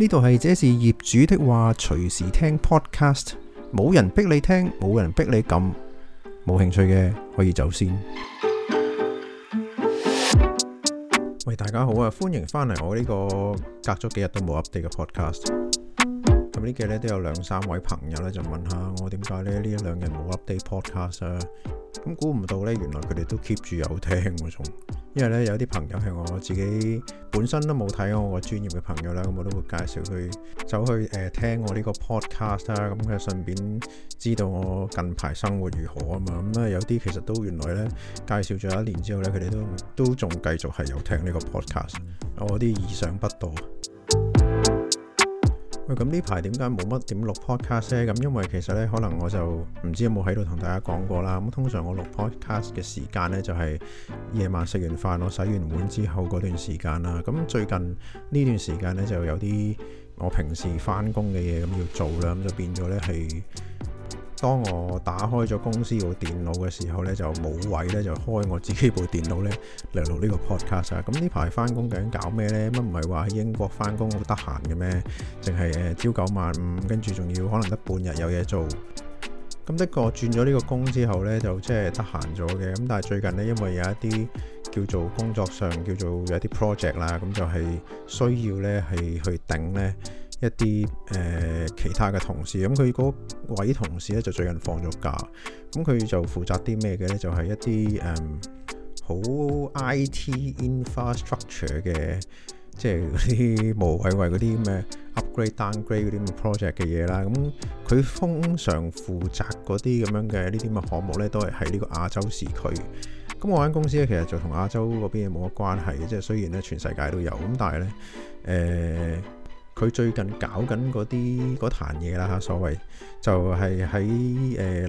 呢度係這是這事業主的話，隨時聽 podcast，冇人逼你聽，冇人逼你撳，冇興趣嘅可以先走先。喂，大家好啊，歡迎翻嚟我呢個隔咗幾日都冇 update 嘅 podcast。咁呢幾日都有兩三位朋友咧就問下我點解呢？呢一兩日冇 update podcast 啊？咁估唔到呢，原來佢哋都 keep 住有聽喎啊，冇因為咧有啲朋友係我自己本身都冇睇我個專業嘅朋友咧，咁、嗯、我都會介紹佢走去誒、呃、聽我呢個 podcast 啦，咁佢順便知道我近排生活如何啊嘛。咁、嗯、啊、嗯、有啲其實都原來咧介紹咗一年之後咧，佢哋都都仲繼續係有聽呢個 podcast，我啲意想不到。喂，咁呢排點解冇乜點錄 podcast 咧？咁因為其實呢，可能我就唔知有冇喺度同大家講過啦。咁通常我錄 podcast 嘅時間呢，就係夜晚食完飯，我洗完碗之後嗰段時間啦。咁最近呢段時間呢，就有啲我平時翻工嘅嘢咁要做啦，咁就變咗呢，係。當我打開咗公司部電腦嘅時候咧，就冇位咧，就開我自己部電腦咧嚟錄呢個 podcast 啊。咁呢排翻工究竟搞咩咧？乜唔係話喺英國翻工好得閒嘅咩？淨係誒朝九晚五，跟住仲要可能得半日有嘢做。咁的確轉咗呢個工之後咧，就即係得閒咗嘅。咁但係最近咧，因為有一啲叫做工作上叫做有一啲 project 啦，咁就係需要咧係去頂咧。一啲誒、呃、其他嘅同事，咁佢嗰位同事咧就最近放咗假，咁佢就負責啲咩嘅咧？就係、是、一啲誒、嗯、好 IT infrastructure 嘅，即係啲無謂為嗰啲咩 upgrade downgrade 嗰啲 project 嘅嘢啦。咁、嗯、佢通常負責嗰啲咁樣嘅呢啲咁嘅項目咧，都係喺呢個亞洲時區。咁我間公司咧其實就同亞洲嗰邊冇乜關係嘅，即係雖然咧全世界都有，咁但係咧誒。呃佢最近搞緊嗰啲嗰壇嘢啦嚇，所謂就係喺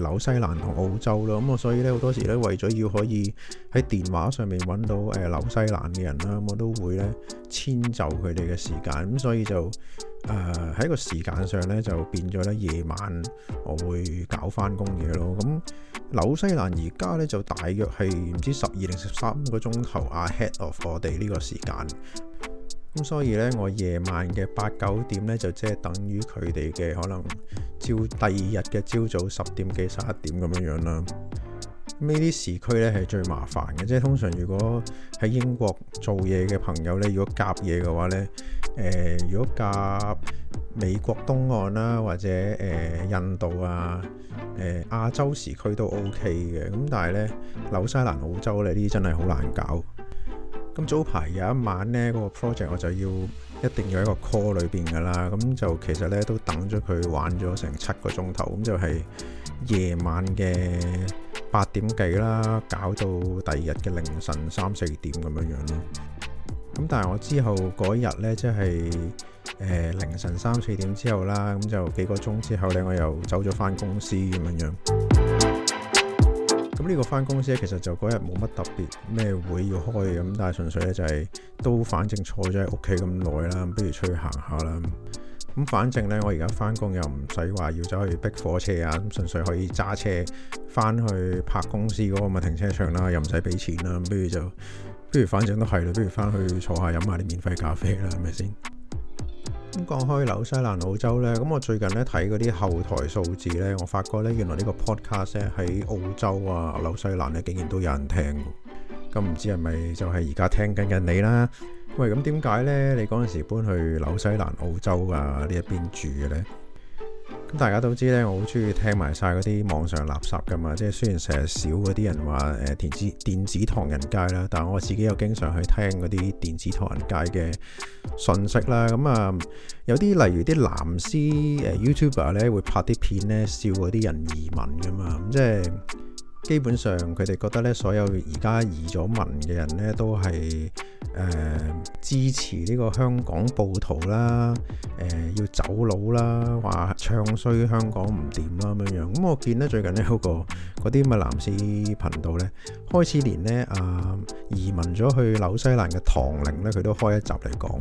誒紐西蘭同澳洲咯。咁我，所以咧好多時咧為咗要可以喺電話上面揾到誒紐西蘭嘅人啦，我都會咧遷就佢哋嘅時間。咁所以就誒喺個時間上咧就變咗咧夜晚，我會搞翻工嘢咯。咁紐西蘭而家咧就大約係唔知十二定十三個鐘頭 ahead of 我哋呢個時間。咁所以呢，我夜晚嘅八九點呢，就即係等於佢哋嘅可能朝第二日嘅朝早十點幾十一點咁樣樣啦。呢啲時區呢係最麻煩嘅，即係通常如果喺英國做嘢嘅朋友呢，如果夾嘢嘅話呢，誒、呃、如果夾美國東岸啦、啊，或者誒、呃、印度啊、誒、呃、亞洲時區都 OK 嘅。咁但係呢，紐西蘭、澳洲呢啲真係好難搞。咁早排有一晚呢，嗰個 project 我就要一定要喺個 call 裏邊噶啦，咁就其實呢都等咗佢玩咗成七個鐘頭，咁就係夜晚嘅八點幾啦，搞到第二日嘅凌晨三四點咁樣樣咯。咁但係我之後嗰日呢，即係誒凌晨三四點之後啦，咁就幾個鐘之後呢，我又走咗返公司咁樣樣。咁呢個返公司咧，其實就嗰日冇乜特別咩會要開咁，但係純粹咧就係都反正坐咗喺屋企咁耐啦，不如出去行下啦。咁反正呢，我而家返工又唔使話要走去逼火車啊，咁純粹可以揸車返去拍公司嗰個咪停車場啦，又唔使俾錢啦。不如就不如反正都係啦，不如返去坐下飲下啲免費咖啡啦，係咪先？咁講開紐西蘭澳洲呢，咁我最近咧睇嗰啲後台數字呢，我發覺呢，原來呢個 podcast 咧喺澳洲啊紐西蘭咧竟然都有人聽，咁唔知係咪就係而家聽緊嘅你啦？喂，咁點解呢？你嗰陣時搬去紐西蘭澳洲啊呢一邊住嘅呢？大家都知咧，我好中意聽埋晒嗰啲網上垃圾噶嘛，即係雖然成日少嗰啲人話誒電子電子唐人街啦，但係我自己又經常去聽嗰啲電子唐人街嘅信息啦。咁、嗯、啊，有啲例如啲藍絲誒 YouTuber 咧，會拍啲片咧，笑嗰啲人移民噶嘛，即係。基本上佢哋覺得呢所有而家移咗民嘅人呢，都係、呃、支持呢個香港暴徒啦，呃、要走佬啦，話唱衰香港唔掂啦咁樣樣。咁我見呢最近呢，有個嗰啲咪男士頻道呢，開始連呢阿、呃、移民咗去紐西蘭嘅唐寧呢，佢都開一集嚟講。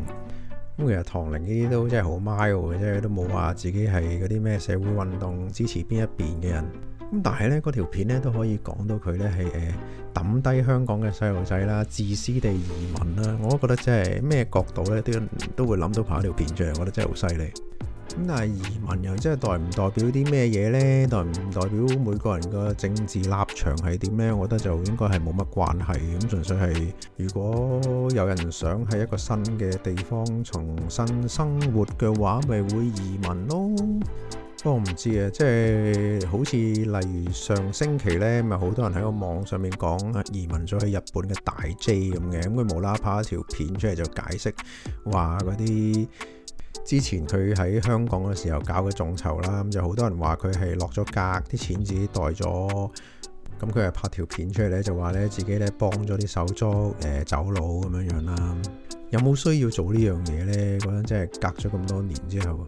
咁其實唐寧呢啲都真係好 mild 喎，即係都冇話自己係嗰啲咩社會運動支持邊一邊嘅人。咁但係呢，嗰條片呢都可以講到佢呢係誒抌低香港嘅細路仔啦，自私地移民啦，我都覺得真係咩角度呢，都都會諗到拍一條片出嚟，覺得真係好犀利。咁但係移民又真係代唔代表啲咩嘢呢？代唔代表每個人嘅政治立場係點呢？我覺得就應該係冇乜關係嘅，咁純粹係如果有人想喺一個新嘅地方重新生活嘅話，咪會移民咯。不過我唔知啊，即係好似例如上星期呢，咪好多人喺個網上面講移民咗去日本嘅大 J 咁嘅，咁佢無啦啦拍一條片出嚟就解釋話嗰啲之前佢喺香港嘅時候搞嘅眾籌啦，咁就好多人話佢係落咗格，啲錢自己袋咗，咁佢係拍條片出嚟咧就話咧自己咧幫咗啲手足誒、呃、走佬咁樣樣啦。有冇需要做呢樣嘢咧？嗰陣即係隔咗咁多年之後。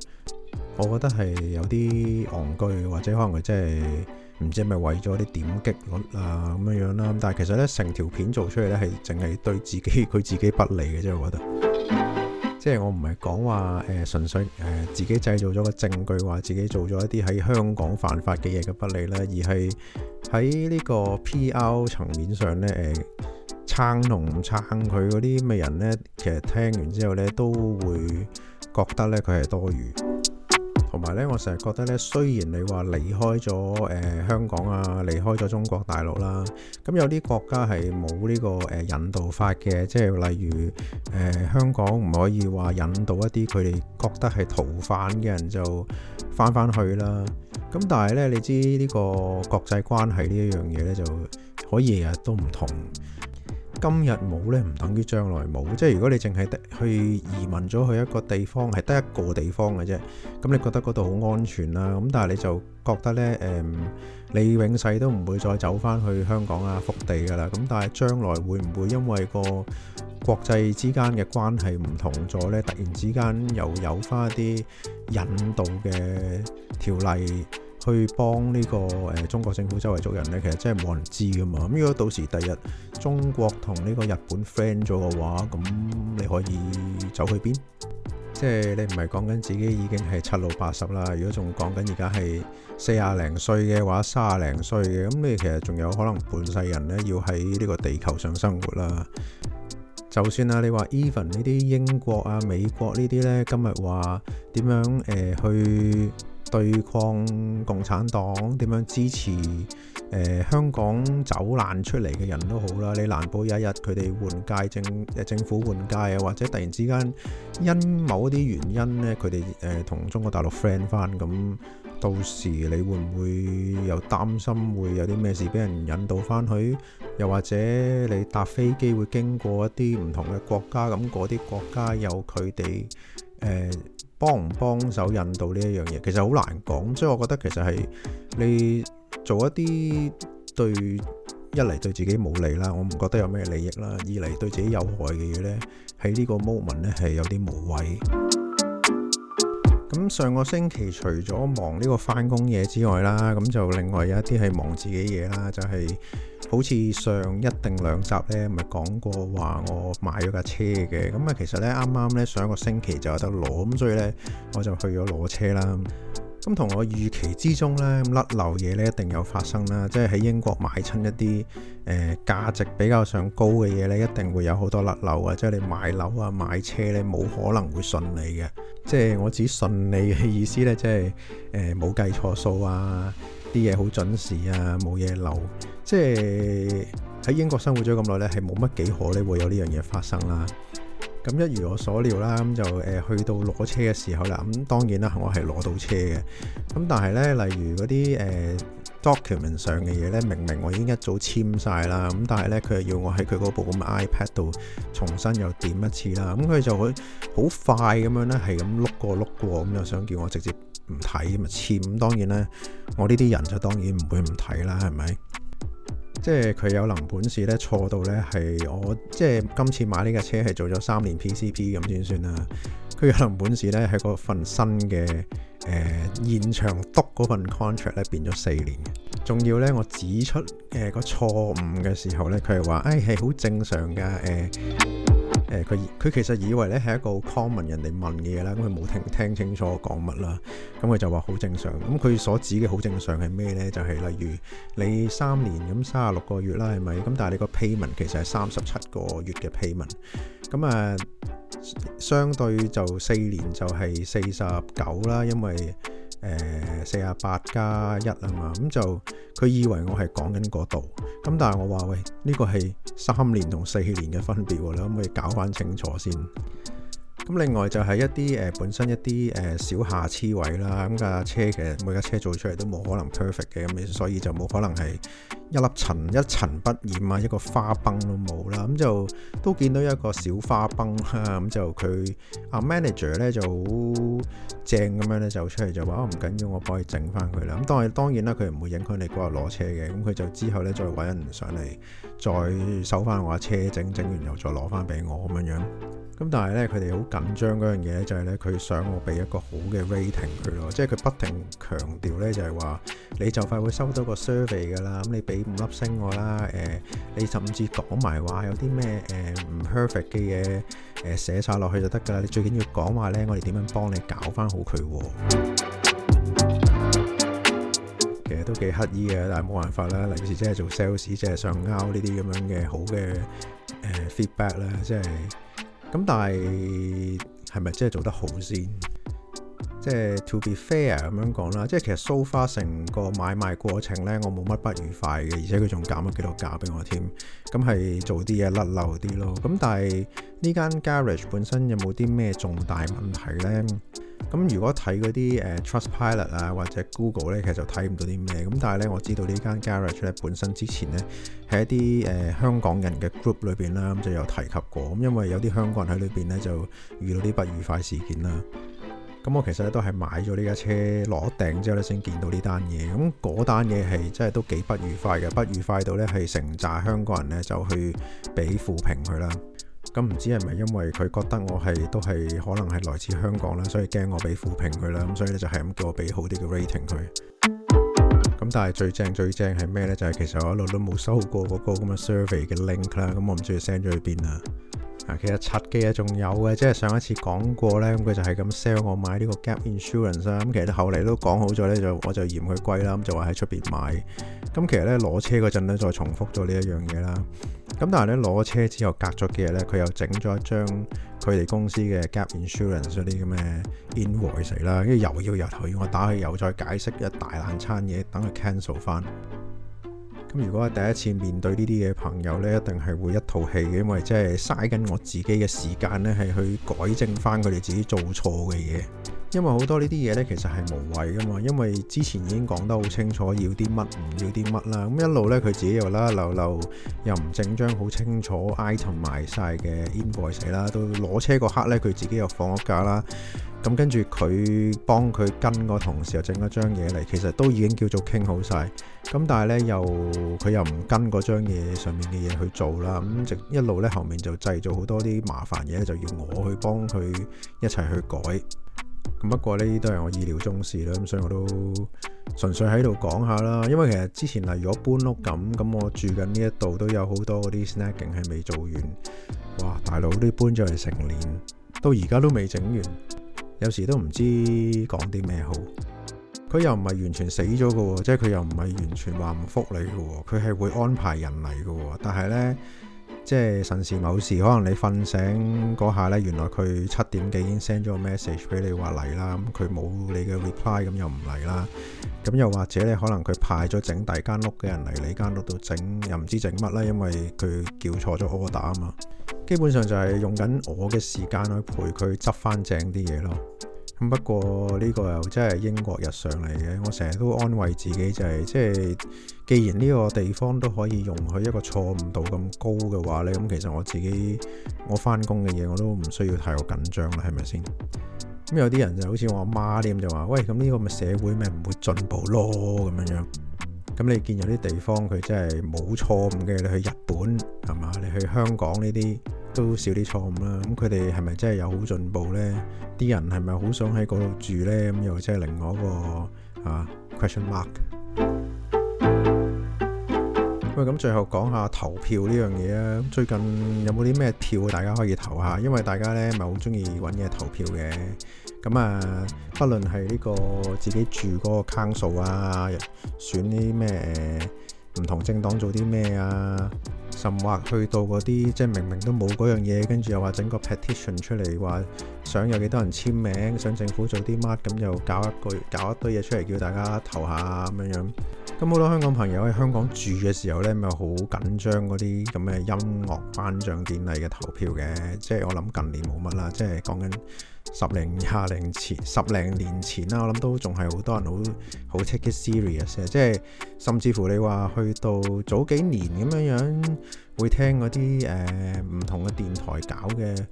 我覺得係有啲戇居，或者可能佢真係唔知係咪為咗啲點擊率啊咁樣樣啦。但係其實呢，成條片做出嚟呢，係淨係對自己佢自己不利嘅啫。我覺得即係我唔係講話誒，純粹誒、呃、自己製造咗個證據話自己做咗一啲喺香港犯法嘅嘢嘅不利呢，而係喺呢個 P.R. 層面上呢，誒、呃、撐同唔撐佢嗰啲咩人呢？其實聽完之後呢，都會覺得呢，佢係多餘。同埋咧，我成日覺得咧，雖然你話離開咗誒、呃、香港啊，離開咗中國大陸啦，咁、嗯、有啲國家係冇呢個誒、呃、引渡法嘅，即係例如誒、呃、香港唔可以話引渡一啲佢哋覺得係逃犯嘅人就翻翻去啦。咁、嗯、但係咧，你知呢個國際關係呢一樣嘢咧，就可以日日都唔同。今日冇咧，唔等於將來冇。即係如果你淨係得去移民咗去一個地方，係得一個地方嘅啫。咁你覺得嗰度好安全啦。咁但係你就覺得咧，誒，你永世都唔會再走翻去香港啊福地㗎啦。咁但係將來會唔會因為個國際之間嘅關係唔同咗咧，突然之間又有翻一啲引渡嘅條例？去幫呢個誒中國政府周圍捉人咧，其實真係冇人知噶嘛。咁如果到時第日中國同呢個日本 friend 咗嘅話，咁你可以走去邊？即係你唔係講緊自己已經係七老八十啦。如果仲講緊而家係四廿零歲嘅話，三廿零歲嘅，咁你其實仲有可能半世人咧，要喺呢個地球上生活啦。就算啊，你話 even 呢啲英國啊、美國呢啲咧，今日話點樣誒去？對抗共產黨，點樣支持？誒、呃，香港走難出嚟嘅人都好啦。你難保有一日佢哋換屆政，政府換屆啊，或者突然之間因某啲原因呢，佢哋誒同中國大陸 friend 返，咁到時你會唔會又擔心會有啲咩事俾人引導返去？又或者你搭飛機會經過一啲唔同嘅國家，咁嗰啲國家有佢哋。誒、嗯、幫唔幫手引導呢一樣嘢，其實好難講，所以我覺得其實係你做一啲對一嚟對自己冇利啦，我唔覺得有咩利益啦；二嚟對自己有害嘅嘢呢，喺呢個 moment 咧係有啲無謂。咁上個星期除咗忙呢個返工嘢之外啦，咁就另外有一啲係忙自己嘢啦，就係好似上一定兩集呢，咪講過話我買咗架車嘅，咁啊其實呢，啱啱呢上一個星期就有得攞，咁所以呢，我就去咗攞車啦。咁同我預期之中呢，甩漏嘢咧，一定有發生啦。即係喺英國買親一啲誒價值比較上高嘅嘢咧，一定會有好多甩漏啊！即係你買樓啊、買車呢，冇可能會順利嘅。即係我指順利嘅意思咧、就是，即係冇計錯數啊，啲嘢好準時啊，冇嘢漏。即係喺英國生活咗咁耐呢，係冇乜幾可呢會有呢樣嘢發生啦。咁一如我所料啦，咁就誒去到攞車嘅時候啦，咁當然啦，我係攞到車嘅。咁但係呢，例如嗰啲誒 document 上嘅嘢呢，明明我已經一早簽晒啦，咁但係呢，佢又要我喺佢嗰部咁 iPad 度重新又點一次啦。咁佢就會好快咁樣呢，係咁碌過碌過，咁又想叫我直接唔睇咁啊簽。咁當然咧，我呢啲人就當然唔會唔睇啦，係咪？即係佢有能本事咧，錯到咧係我即係今次買呢架車係做咗三年 PCP 咁先算啦。佢有能本事咧喺個份新嘅誒、呃、現場督嗰份 contract 咧變咗四年，仲要咧我指出誒個、呃、錯誤嘅時候咧，佢係話誒係好正常㗎誒。呃誒佢佢其實以為咧係一個 common 人哋問嘅嘢啦，咁佢冇聽聽清楚我講乜啦，咁佢就話好正常。咁佢所指嘅好正常係咩呢？就係、是、例如你三年咁三十六個月啦，係咪？咁但係你個 payment 其實係三十七個月嘅 payment，咁啊相對就四年就係四十九啦，因為。誒四十八加一啊嘛，咁、呃嗯、就佢以為我係講緊嗰度，咁但係我話喂，呢個係三年同四年嘅分別喎，你可唔可以搞翻清楚先？咁、嗯、另外就係一啲誒、呃、本身一啲誒、呃、小瑕疵位啦，咁、嗯、架車嘅每架車做出嚟都冇可能 perfect 嘅，咁、嗯、所以就冇可能係。一粒塵一塵不染啊，一個花崩都冇啦，咁、嗯、就都見到一個小花崩啦，咁、嗯、就佢啊 manager 咧就好正咁樣咧，就出嚟就話唔緊要，我幫你整翻佢啦。咁但係當然啦，佢唔會影響你嗰日攞車嘅，咁、嗯、佢就之後咧再揾人上嚟再收翻我架車，整整完又再攞翻俾我咁樣樣。咁、嗯、但係咧，佢哋好緊張嗰樣嘢咧，就係咧佢想我俾一個好嘅 rating 佢咯，即係佢不停強調咧就係、是、話你就快會收到個 survey 㗎啦，咁你俾。五粒星我啦，誒你甚至講埋話有啲咩誒唔 perfect 嘅嘢誒寫晒落去就得㗎啦，你最緊要講話咧，我哋點樣幫你搞翻好佢喎。其實都幾乞衣嘅，但係冇辦法啦。尤其是即係做 sales，即係想溝呢啲咁樣嘅好嘅誒 feedback 啦，即係咁，但係係咪真係做得好先？即係 to be fair 咁樣講啦，即係其實 so far 成個買賣過程呢，我冇乜不愉快嘅，而且佢仲減咗幾多價俾我添。咁係做啲嘢甩漏啲咯。咁但係呢間 garage 本身有冇啲咩重大問題呢？咁如果睇嗰啲誒 Trustpilot 啊或者 Google 呢，其實就睇唔到啲咩。咁但係呢，我知道呢間 garage 咧本身之前呢，喺一啲誒、呃、香港人嘅 group 裏邊啦，咁就有提及過。咁因為有啲香港人喺裏邊呢，就遇到啲不愉快事件啦。咁我其實咧都係買咗呢架車，攞定之後咧先見到呢單嘢。咁嗰單嘢係真係都幾不愉快嘅，不愉快到咧係成紮香港人咧就去俾負評佢啦。咁唔知係咪因為佢覺得我係都係可能係來自香港啦，所以驚我俾負評佢啦。咁所以咧就係咁叫我俾好啲嘅 rating 佢。咁但係最正最正係咩咧？就係、是、其實我一路都冇收過嗰個咁嘅 survey 嘅 link 啦。咁我唔知佢 send 咗去邊啊。其實拆機啊，仲有嘅，即係上一次講過呢，咁佢就係咁 sell 我買呢個 gap insurance 啦。咁其實後嚟都講好咗呢，就我就嫌佢貴啦，咁就話喺出邊買。咁其實呢，攞車嗰陣呢，再重複咗呢一樣嘢啦。咁但係呢，攞車之後隔咗幾日呢，佢又整咗一張佢哋公司嘅 gap insurance 嗰啲咁嘅 invoice 嚟啦，跟住又要入去，我打去又再解釋一大攤餐嘢，等佢 cancel 翻。咁如果係第一次面對呢啲嘅朋友呢，一定係會一套戲，因為即係嘥緊我自己嘅時間呢，係去改正翻佢哋自己做錯嘅嘢。因為好多呢啲嘢呢，其實係無謂㗎嘛。因為之前已經講得好清楚，要啲乜唔要啲乜啦。咁一路呢，佢自己又甩漏漏，流流又唔整張好清楚 item 埋晒嘅 invoice 啦。都攞車嗰刻呢，佢自己又放咗假啦。咁跟住佢幫佢跟個同事又整咗張嘢嚟，其實都已經叫做傾好晒。咁但係呢，又佢又唔跟嗰張嘢上面嘅嘢去做啦。咁即一路呢，後面就製造好多啲麻煩嘢，就要我去幫佢一齊去改。咁不過呢啲都係我意料中事啦，咁所以我都純粹喺度講下啦。因為其實之前，例如我搬屋咁，咁我住緊呢一度都有好多嗰啲 snagging 係未做完。哇，大佬啲搬咗嚟成年，到而家都未整完，有時都唔知講啲咩好。佢又唔係完全死咗噶，即係佢又唔係完全話唔覆你噶，佢係會安排人嚟噶。但係呢。即係甚時某時，可能你瞓醒嗰下呢，原來佢七點幾已經 send 咗個 message 俾你話嚟啦。咁佢冇你嘅 reply，咁又唔嚟啦。咁又或者你可能佢派咗整第二間屋嘅人嚟你間屋度整，又唔知整乜啦，因為佢叫錯咗 order 啊嘛。基本上就係用緊我嘅時間去陪佢執翻正啲嘢咯。不過呢個又真係英國日常嚟嘅，我成日都安慰自己就係、是，即係既然呢個地方都可以容許一個錯誤度咁高嘅話呢，咁其實我自己我翻工嘅嘢我都唔需要太過緊張啦，係咪先？咁有啲人就好似我阿媽啲咁就話，喂，咁呢個咪社會咪唔會進步咯，咁樣樣。咁你見有啲地方佢真係冇錯誤嘅，你去日本係嘛？你去香港呢啲都少啲錯誤啦。咁佢哋係咪真係有好進步咧？啲人係咪好想喺嗰度住咧？咁又或者係另外一個啊 question mark。喂，咁最後講下投票呢樣嘢啊！最近有冇啲咩票大家可以投下？因為大家咧唔係好中意揾嘢投票嘅。咁啊，不論係呢個自己住嗰個 council 啊，選啲咩誒唔同政黨做啲咩啊，甚或去到嗰啲即係明明都冇嗰樣嘢，跟住又話整個 petition 出嚟話想有幾多人簽名，想政府做啲乜，咁又搞一個搞一堆嘢出嚟叫大家投下啊咁樣樣。咁好多香港朋友喺香港住嘅時候呢，咪好緊張嗰啲咁嘅音樂頒獎典禮嘅投票嘅，即係我諗近年冇乜啦，即係講緊。十零廿零前，十零年前啦，我諗都仲係好多人好好 take it serious 嘅，即係甚至乎你話去到早幾年咁樣樣，會聽嗰啲誒唔同嘅電台搞嘅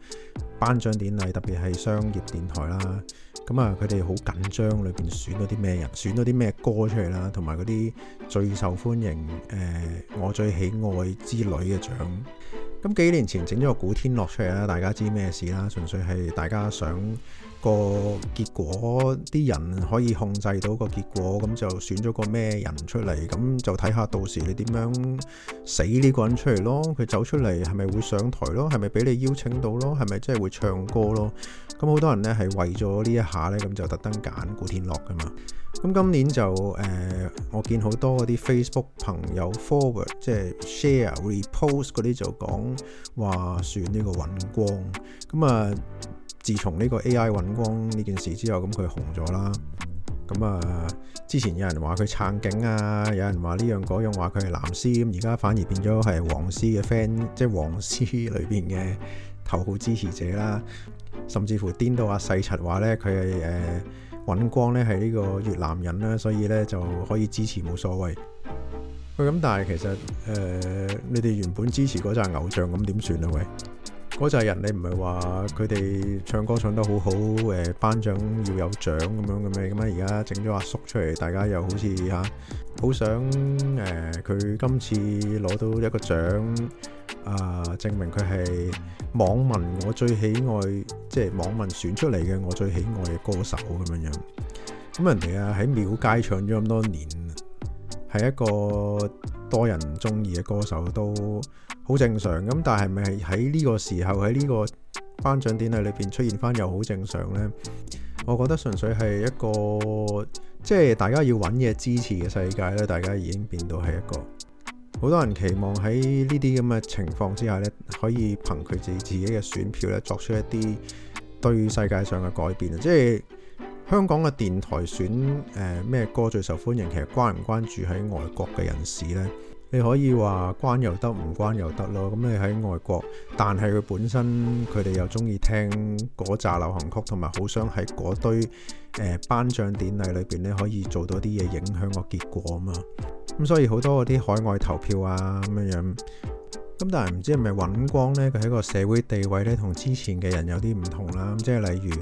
頒獎典禮，特別係商業電台啦。咁啊，佢哋好緊張，裏邊選咗啲咩人，選咗啲咩歌出嚟啦，同埋嗰啲最受歡迎誒、呃，我最喜愛之類嘅獎。咁、嗯、幾年前整咗個古天樂出嚟啦，大家知咩事啦？純粹係大家想，個結果啲人可以控制到個結果，咁就選咗個咩人出嚟，咁就睇下到時你點樣死呢個人出嚟咯？佢走出嚟係咪會上台咯？係咪俾你邀請到咯？係咪真係會唱歌咯？咁好多人呢係為咗呢一下呢，咁就特登揀古天樂噶嘛。咁今年就誒、呃，我見好多嗰啲 Facebook 朋友 forward 即係 share repost 嗰啲就講話選呢個尹光咁啊。自從呢個 AI 揾光呢件事之後，咁佢紅咗啦。咁、嗯、啊，之前有人話佢撐警啊，有人話呢樣嗰樣話佢係藍絲，咁而家反而變咗係黃絲嘅 fan，即係黃絲裏邊嘅頭號支持者啦。甚至乎癲到阿細柒話呢，佢係誒揾光呢係呢個越南人啦、啊，所以呢就可以支持冇所謂。喂、嗯，咁但係其實誒、呃，你哋原本支持嗰隻偶像咁點算啊？喂？嗰陣人你唔係話佢哋唱歌唱得好好，誒，頒獎要有獎咁樣咁樣咁啊！而家整咗阿叔出嚟，大家又好似嚇好想誒，佢今次攞到一個獎啊，證明佢係網民我最喜愛，即係網民選出嚟嘅我最喜愛嘅歌手咁樣樣。咁人哋啊喺廟街唱咗咁多年，係一個多人中意嘅歌手都好正常，咁但係咪喺呢個時候喺呢個頒獎典禮裏邊出現翻又好正常呢？我覺得純粹係一個即係大家要揾嘢支持嘅世界咧，大家已經變到係一個好多人期望喺呢啲咁嘅情況之下呢，可以憑佢哋自己嘅選票咧，作出一啲對世界上嘅改變即係。香港嘅電台選誒咩、呃、歌最受歡迎，其實關唔關注喺外國嘅人士呢？你可以話關又得，唔關又得咯。咁、嗯、你喺外國，但係佢本身佢哋又中意聽嗰紮流行曲，同埋好想喺嗰堆誒頒獎典禮裏邊咧可以做到啲嘢影響個結果啊嘛。咁、嗯、所以好多嗰啲海外投票啊咁樣。咁、嗯、但係唔知係咪尹光呢？佢喺個社會地位呢，同之前嘅人有啲唔同啦、嗯。即係例如。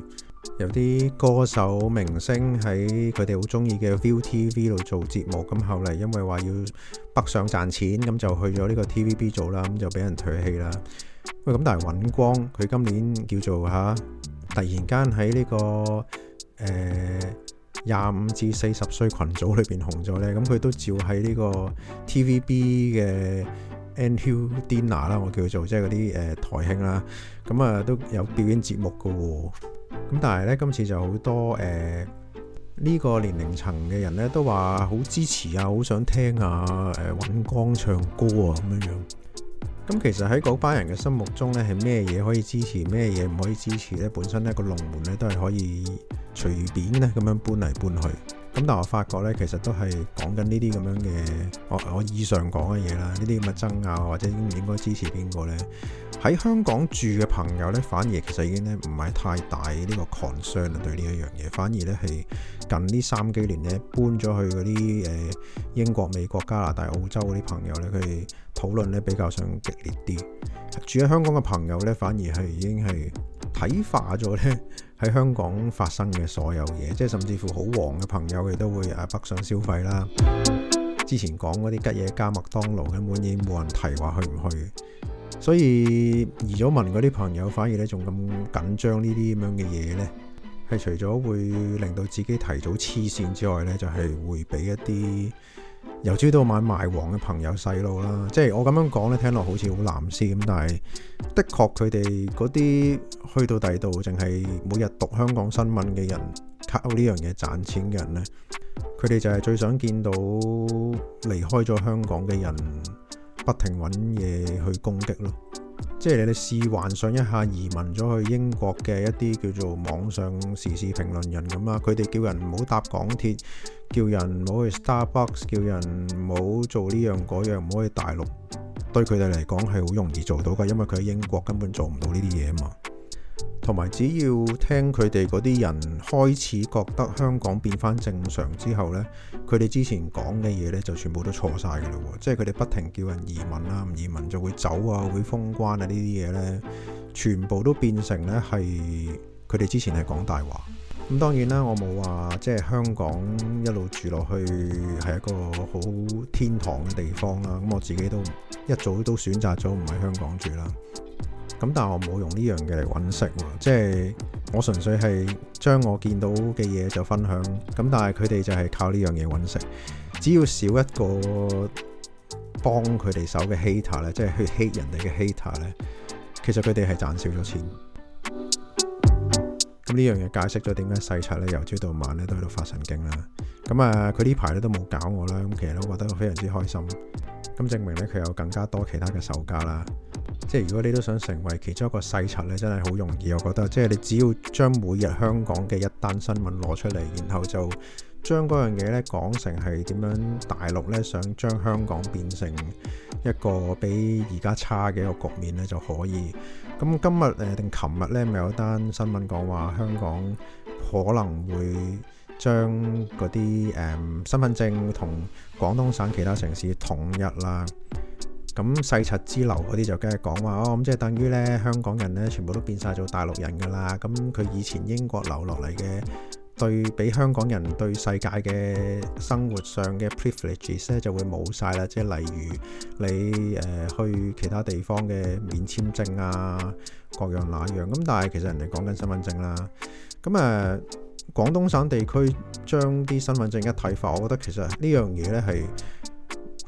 有啲歌手、明星喺佢哋好中意嘅 ViuTV 度做節目，咁後嚟因為話要北上賺錢，咁就去咗呢個 TVB 做啦，咁就俾人唾棄啦。喂，咁但係尹光佢今年叫做吓、啊、突然間喺呢個誒廿五至四十歲群組裏邊紅咗呢，咁佢都照喺呢個 TVB 嘅 Anniversary Dinner 啦,我叫做即係嗰啲誒台慶啦，咁啊都有表演節目噶喎。咁但係呢，今次就好多誒呢、呃、這個年齡層嘅人呢，都話好支持啊，好想聽啊，揾、呃、尹光唱歌啊，咁樣樣。咁、嗯、其實喺嗰班人嘅心目中呢，係咩嘢可以支持，咩嘢唔可以支持呢？本身呢個龍門呢都係可以隨便呢咁樣搬嚟搬去。咁但我發覺咧，其實都係講緊呢啲咁樣嘅，我我以上講嘅嘢啦，呢啲咁嘅爭拗或者應唔應該支持邊個呢？喺香港住嘅朋友呢，反而其實已經咧唔係太大呢個 concern 啦，對呢一樣嘢，反而呢係近呢三幾年呢，搬咗去嗰啲誒英國、美國、加拿大、澳洲嗰啲朋友呢，佢哋討論呢比較上激烈啲。住喺香港嘅朋友呢，反而係已經係。睇化咗呢，喺香港發生嘅所有嘢，即係甚至乎好黃嘅朋友佢都會啊北上消費啦。之前講嗰啲吉野加麥當勞根本已經冇人提話去唔去，所以移咗民嗰啲朋友反而咧仲咁緊張這這呢啲咁樣嘅嘢呢，係除咗會令到自己提早黐線之外呢就係、是、會俾一啲。由朝到晚，賣黃嘅朋友細路啦，即係我咁樣講咧，聽落好似好藍絲咁，但係的確佢哋嗰啲去到第二度，淨係每日讀香港新聞嘅人，靠呢樣嘢賺錢嘅人呢，佢哋就係最想見到離開咗香港嘅人，不停揾嘢去攻擊咯。即係你哋試幻想一下移民咗去英國嘅一啲叫做網上時事評論人咁啦，佢哋叫人唔好搭港鐵，叫人唔好去 Starbucks，叫人唔好做呢樣嗰樣，唔好去大陸。對佢哋嚟講係好容易做到噶，因為佢喺英國根本做唔到呢啲嘢啊嘛。同埋只要聽佢哋嗰啲人開始覺得香港變翻正常之後呢，佢哋之前講嘅嘢呢就全部都錯晒嘅咯喎！即係佢哋不停叫人移民啦，唔移民就會走啊，會封關啊，呢啲嘢呢，全部都變成呢係佢哋之前係講大話。咁當然啦，我冇話即係香港一路住落去係一個好天堂嘅地方啦。咁我自己都一早都選擇咗唔喺香港住啦。咁但係我冇用呢樣嘢嚟揾食喎，即係我純粹係將我見到嘅嘢就分享。咁但係佢哋就係靠呢樣嘢揾食。只要少一個幫佢哋手嘅 hater 咧，即係去 hate 人哋嘅 hater 咧，其實佢哋係賺少咗錢。咁 呢樣嘢解釋咗點解細賊咧由朝到晚咧都喺度發神經啦。咁啊佢呢排咧都冇搞我啦，咁其實咧我覺得我非常之開心。咁證明咧佢有更加多其他嘅售價啦。即係如果你都想成為其中一個細作咧，真係好容易，我覺得。即係你只要將每日香港嘅一單新聞攞出嚟，然後就將嗰樣嘢咧講成係點樣大陸咧想將香港變成一個比而家差嘅一個局面咧就可以。咁今日誒定琴日呢？咪有單新聞講話香港可能會將嗰啲誒身份證同廣東省其他城市統一啦。咁世襲之流嗰啲就梗係講話哦，咁即係等於呢香港人呢，全部都變晒做大陸人噶啦。咁佢以前英國留落嚟嘅對，俾香港人對世界嘅生活上嘅 privileges 呢，就會冇晒啦。即係例如你誒、呃、去其他地方嘅免簽證啊，各樣那樣。咁但係其實人哋講緊身份證啦。咁啊、呃，廣東省地區將啲身份證一體化，我覺得其實呢樣嘢呢係。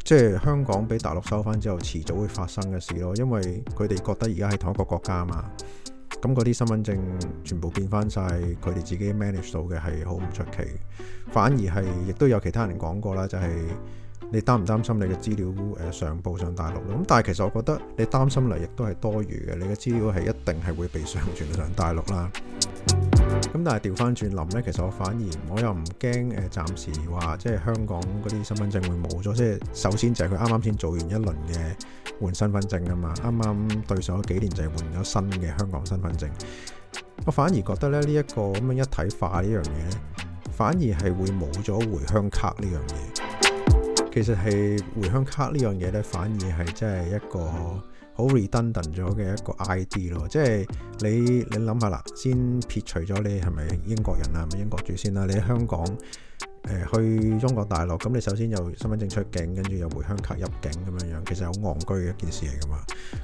即係香港俾大陸收翻之後，遲早會發生嘅事咯，因為佢哋覺得而家係同一個國家嘛，咁嗰啲身份證全部變翻晒，佢哋自己 manage 到嘅係好唔出奇，反而係亦都有其他人講過啦，就係、是。你擔唔擔心你嘅資料誒上報上大陸？咁但係其實我覺得你擔心嚟亦都係多餘嘅，你嘅資料係一定係會被上傳上大陸啦。咁但係調翻轉諗呢，其實我反而我又唔驚誒，暫時話即係香港嗰啲身份證會冇咗。即係首先就係佢啱啱先做完一輪嘅換身份證啊嘛，啱啱對上咗幾年就係換咗新嘅香港身份證。我反而覺得咧呢一個咁樣一體化呢樣嘢，反而係會冇咗回鄉卡呢樣嘢。其實係回鄉卡呢樣嘢呢，反而係真係一個好 redundant 咗嘅一個 ID 咯。即係你你諗下啦，先撇除咗你係咪英國人啊，係咪英國住先啦。你喺香港，呃、去中國大陸，咁你首先有身份證出境，跟住有回鄉卡入境咁樣樣，其實好戇居嘅一件事嚟噶嘛。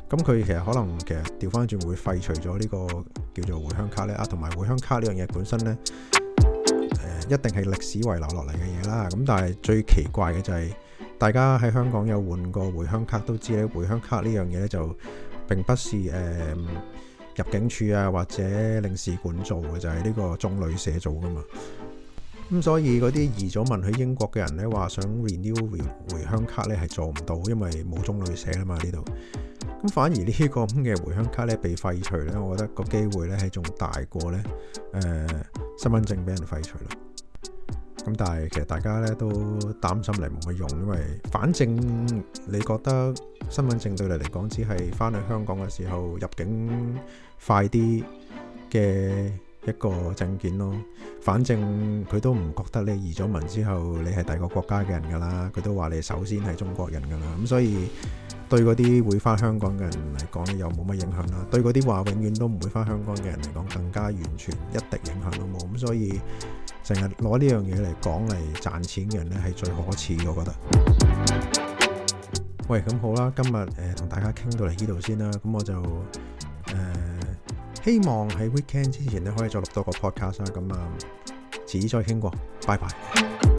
咁佢其實可能其實調翻轉會廢除咗呢個叫做回鄉卡呢啊，同埋回鄉卡呢樣嘢本身呢，呃、一定係歷史遺留落嚟嘅嘢啦。咁但係最奇怪嘅就係、是。大家喺香港有換過回鄉卡都知咧，回鄉卡呢樣嘢咧就並不是誒、呃、入境處啊或者領事館做嘅，就係、是、呢個中旅社做㗎嘛。咁、嗯、所以嗰啲移咗民去英國嘅人咧話想 renew 回回鄉卡咧係做唔到，因為冇中旅社啊嘛呢度。咁反而呢個咁嘅回鄉卡咧被廢除咧，我覺得個機會咧係仲大過咧誒、呃、身份證俾人廢除咯。咁但係其實大家咧都擔心嚟冇乜用，因為反正你覺得身份證對你嚟講只係翻去香港嘅時候入境快啲嘅一個證件咯。反正佢都唔覺得你移咗民之後你係第二個國家嘅人㗎啦，佢都話你首先係中國人㗎啦。咁所以對嗰啲會翻香港嘅人嚟講咧又冇乜影響啦。對嗰啲話永遠都唔會翻香港嘅人嚟講更加完全一啲影響都冇。咁所以。成日攞呢樣嘢嚟講嚟賺錢嘅人咧，係最可恥嘅，我覺得。 喂，咁好啦，今日誒同大家傾到嚟呢度先啦，咁我就誒、呃、希望喺 Weekend 之前咧可以再錄多個 Podcast 啦，啊，咁啊遲啲再傾過，拜拜。